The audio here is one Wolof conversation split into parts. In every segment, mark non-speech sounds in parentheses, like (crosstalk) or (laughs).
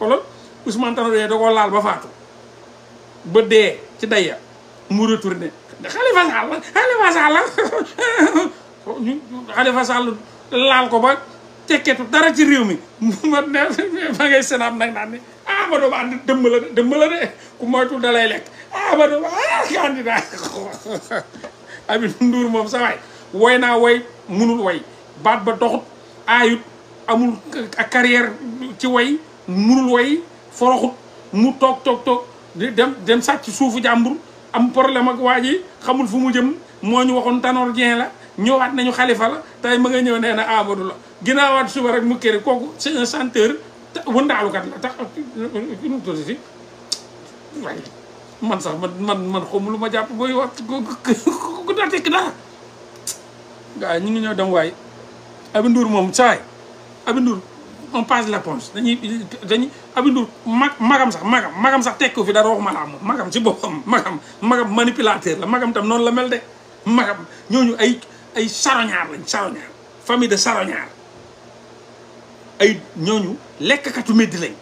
xoolal Ousmane Tanor Dieng da koo laal ba faatu ba dee ci daya mu retourné Khalifa Sall Khalifa Sall ñu Khalifa laal ko ba tekketu dara ci réew mi ma ne ma ngay senaat nag naan ne ah ma doon ànd dëmm la de dëmm la de ku moytul da lay lekk ah ma doon ah candidat (laughs) Habib Ndour moom sa waay woy naa woy munul woy baat ba doxut aayut amul carrière ci woy munul way foroxut mu toog toog toog dem dem sàcc suufu jàmbur am problème ak waa ji xamul fu mu jëm moo ñu waxoon Tanor Dieng la ñëwaat nañu xalifa la tey ma nga ñëw nee na Amadou la ginnaawaat suba rek mu këri kooku c'est un chanteur wëndaalukat la tax nu tudd si waaye man sax man man man lu ma jàpp booy wax ku daa tekk dara gaa ñu ngi ñoo dem waaye Aby Ndour moom saay Aby on passe l'éponge dañuy dañuy Aby mag magam sax magam magam sax teg ko fi dara waxuma laa moom magam ci boppam magam magam manipulateur la magam tam noonu la mel de magam ñooñu ay ay charognard lañ charognard famille de charognard ay ñooñu lekkatu meddi lañ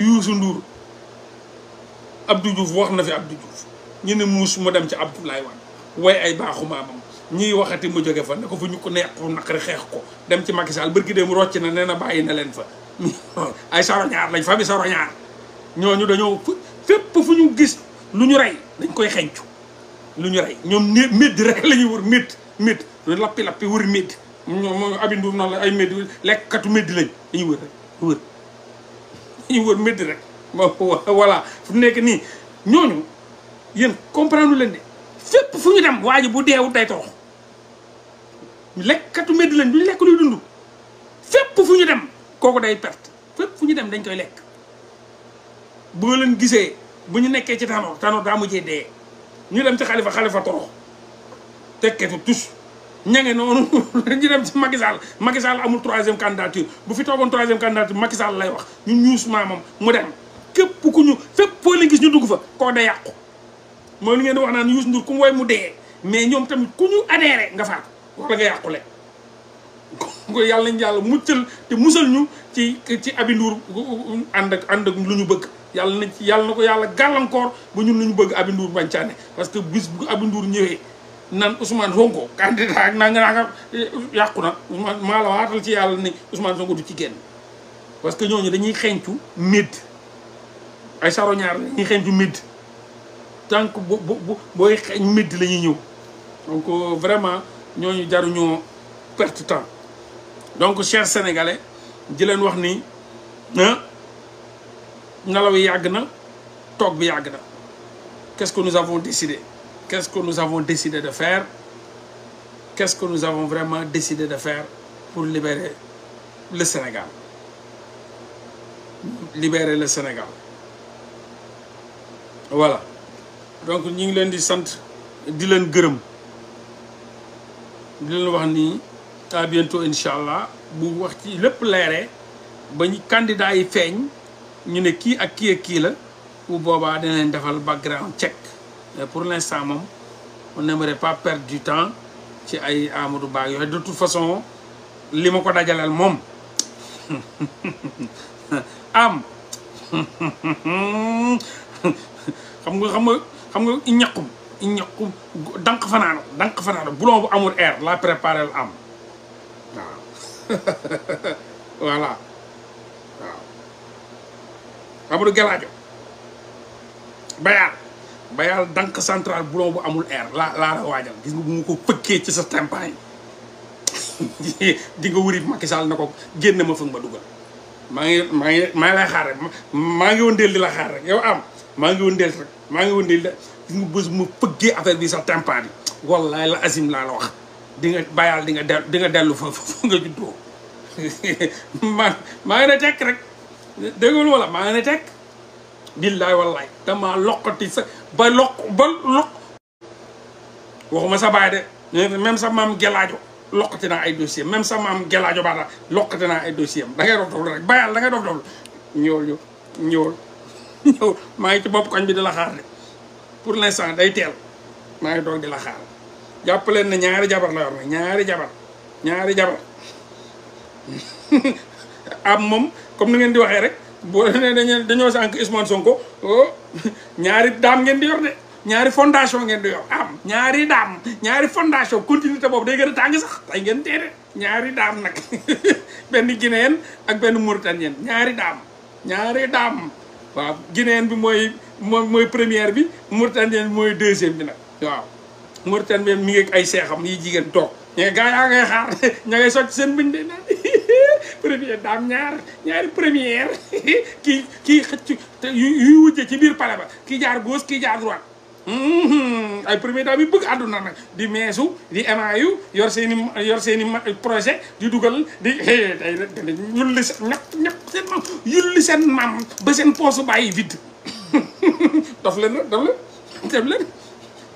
Youssou Ndour Abdou Diouf wax na fi Abdou Diouf ñu ne muus mu dem ci Abdoulaye Wade way ay baaxu maamam ñuy waxati mu jóge fa ne ko fa ñu ko neexu naqari xeex ko dem ci Macky Sall bërki dem rocc na nee na bàyyi na leen fa (laughs) ay soroñaar lañ fa bi soroñaar ñooñu dañoo fépp fu ñu gis lu ñu rey dañ koy xencu lu ñu rey ñoom médd rek (laughs) la ñuy wër médd médd lappi-lappi wër médd ñoom abindu noonu la ay médd lekkatu médd lañ dañuy wër rek wër dañuy wër médd rek (laughs) voilà fu nekk nii ñooñu yéen comprendre leen de fépp fu ñu dem waa ji bu deewu day torox lekkatu mbedd lañ duñ lekk luy dund fépp fu ñu dem kooku day perte fépp fu ñu dem dañ koy lekk boo leen gisee bu ñu nekkee ci tanoor tanoor daa mujjee dee ñu dem ci xalifa xalifa torox tekketu tus ña nge noonu (laughs) ñu dem ci Macky Sall Macky Sall amul troisième candidature bu fi toogoon troisième candidature Macky lay wax ñu ñuus maamam mu dem képp ku ñu fépp foo leen gis ñu dugg fa koo day yàqu mooy li ngeen di wax naan Youssou Ndour ku mu woy mu dee mais ñoom tamit ku ñu adhéré nga faatu wala nga yàqule ko yàlla nañ yàlla muccal te musal ñu ci ci Aby Ndour ànd ak ànd ak lu ñu bëgg yàlla na ci yàlla na ko yàlla gàllankoor ba ñun lu ñu bëgg abinduur Ndour bàncaane parce que bis bu abinduur Ndour ñëwee nan Ousmane Sonko candidat ak nga naa nga yàqu na maa la ci yàlla ni Ousmane Sonko du ci génn parce que ñooñu dañuy xencu mid ay saroñaar dañuy xencu mid tant que bo booy xeeñ mid la ñëw donc euh, vraiment ñooñu jaruñoo perte temps donc chers sénégalais di leen wax ni nelaw yi yàgg na toog bi yàgg na qu'est-ce que nous avons décidé qu'est-ce nous avons décidé de faire qu'est-ce que nous avons vraiment décidé de faire pour libérer le Sénégal libérer le Sénégal voilà donc ñu ngi leen di sant di leen gërëm di leen wax nii à bientôt incha allah bu wax ci lépp leeree ba ñu candidat yi feeñ ñu ne kii ak kii ak kii la bu boobaa dina defal background check mais pour l' instant moom on n'aimerait pas perdre du temps ci ay Amadou Ba yooyu de toute façon li ma ko dajaleel moom (laughs) am (laughs) xam nga xam nga xam nga ñaqum danq fanaano dank fanaano boulon bu amul air laa préparé am waaw (laughs) voilà waaw xamadu gelaajo bayaal bayaal dank central boulon bu amul air laa laa la waajal gis nga mu ko pëkkee ci sa tempaay (laughs) di nga wuri Macky na ko génne ma fa ma dugal maa ngi maa ngi maa ngi lay xaar rek maa ngi wëndeel di la xaar rek yow am maa ngi wëndeel rek maa ngi wëndeel gis nga bés ma fëggee affaire bi sax tempaa bi wallaay la azim laa la wax di nga bàyyal di nga dellu di nga dellu fa fa nga juddoo (laughs) man maa ngi ne tekk rek déggul wala maa ngi ne tekk billaay wallaay dama loqati sa ba loq ba loq waxuma sa baay de même sa maam gelaajo loqati naa ay dossier même sa maam gelaajo baata loqati naa ay dossier am da ngay dof dof rek bàyyal da dof dof ñëwul ñu ñëwul ñëwul maa ngi ci bopp koñ bi di xaar de pour l'instant day teel maa ngi doog di la xaar jàpp leen ne ñaari jabar la yor na ñaari jabar ñaari jabar (laughs) am moom comme ni ngeen di waxee rek boo (laughs) nee dañoo dañoo sànq Ousmane Sonko oh, ñaari daam ngeen di yor de ñaari fondation ngeen di yor am ñaari daam ñaari fondation continuité boobu day gën a sax tey ngeen tee de ñaari daam nag (laughs) benn ak benn mauritanien ñaari ñaari daam bi mooy. moom mooy première bi mauritanien bi mooy deuxième bi nag waaw mauritanien mi ngi ay seexam yi jigéen toog ña ngi gaa yaa ngay xaar (laughs) ña ngay sotti seen biñ de naan (laughs) première daam ñaar ñaari première (laughs) kii kii xëcc yuy wujje ci biir pale ba kii jaar gauche kii jaar droite mm-hmm. ay premier daam yi bëgg àdduna nag di meesu di emaayu yor seen i yor seen projet di dugal di day yulli seen ñap ñap seen maam yulli seen maam ba seen poosu bàyyi vide (laughs) daf leen rek daf leen daf leen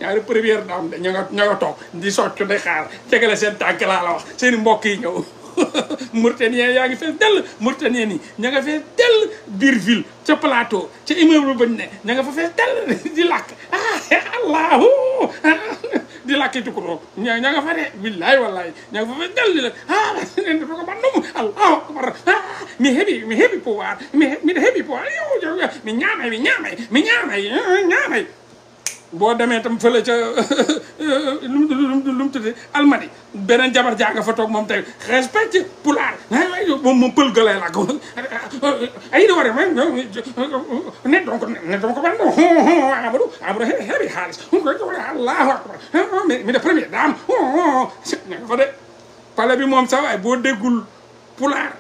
ñaari première dame de ña nga toog di soccu di xaar jegale seen tànk laa la wax seen i mbokk yi ñëw (laughs) mauritanien yaa ngi fees dell mauritanien yi ña nga fees dell biir ca plateau ca immeuble ba ne ña nga fa fees dell (laughs) di làkk ah allahu ah, di làkki tukuloo ña ña nga fa de billahi wallahi ña nga fa fa dal di la ah, a nen dafa ko bandum allahu akbar ah, mi heɓi mi heɓi pouvoir mi miɗa heɓi pouvoir yo mi ñaamay mi ñaamay mi ñaamay ah, boo demee tam fële ca lu (laughs) mu lu mu tuddee almadi beneen jabar jaa nga fa toog moom tey respecte pulaar moom moom pël galay la (laughs) ko ay di war ma ne donc ne donc ban amadu amadu heebi haalis um koy jox allahu akbar mi de première dame fa de pale bi moom sa boo déggul pulaar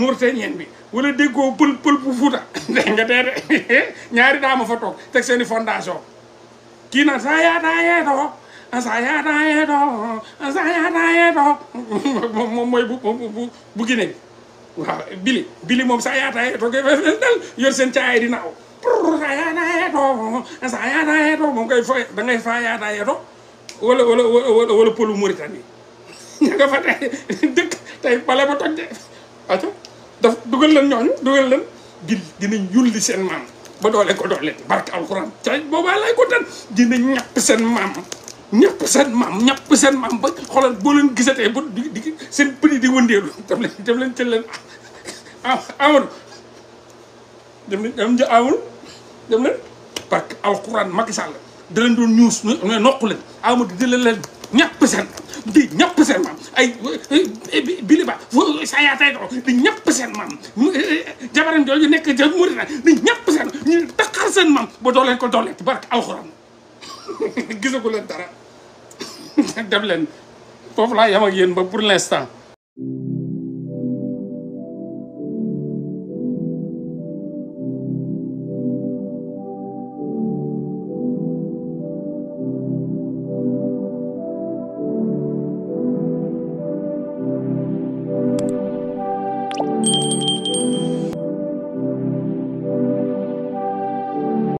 mourtanien bi wala déggoo pël pël bu fuuta (laughs) dégg nga dee de ñaari daama fa toog teg seeni fondation kiinasayatayeto asayatayeto asayatayeto moom moom mooy bu bu bu Guinée waaw bili bili moom sayatayeto koy fees dal yor seen caay di naaw sayatayeto asayatayeto moom koy fa da ngay fayatayeto wala wala wala wala pëlu Mauritanie ña nga fa tey dëkk tey bale ba toj daf dugal leen ñooñu dugal leen bil dinañ yulli seen maam ba doolee ko doole barke alxuraan ca boobaa lay ko tan dina ñàpp seen maam ñàpp seen maam ñàpp seen maam ba xoolal boo leen gisatee bu di seen prix di wëndeelu daf leen daf leen teel leen amul dem leen dem ja amul dem leen barke alxuraan Macky Sall da leen doon ñuus ne noqu leen amul di leen leen ñàpp seen di ñëpp seen maam ay eh, bili ba sayaatay doo di ñëpp seen maam eh, eh, jabaram jooju nekk Mauritanie di ñëpp seen ñu taxaar seen maam ba dooleen ko dooleet barke alxuraan (laughs) gisagu leen dara (laughs) dem leen foofu laa yam ak yéen ba pour l'instant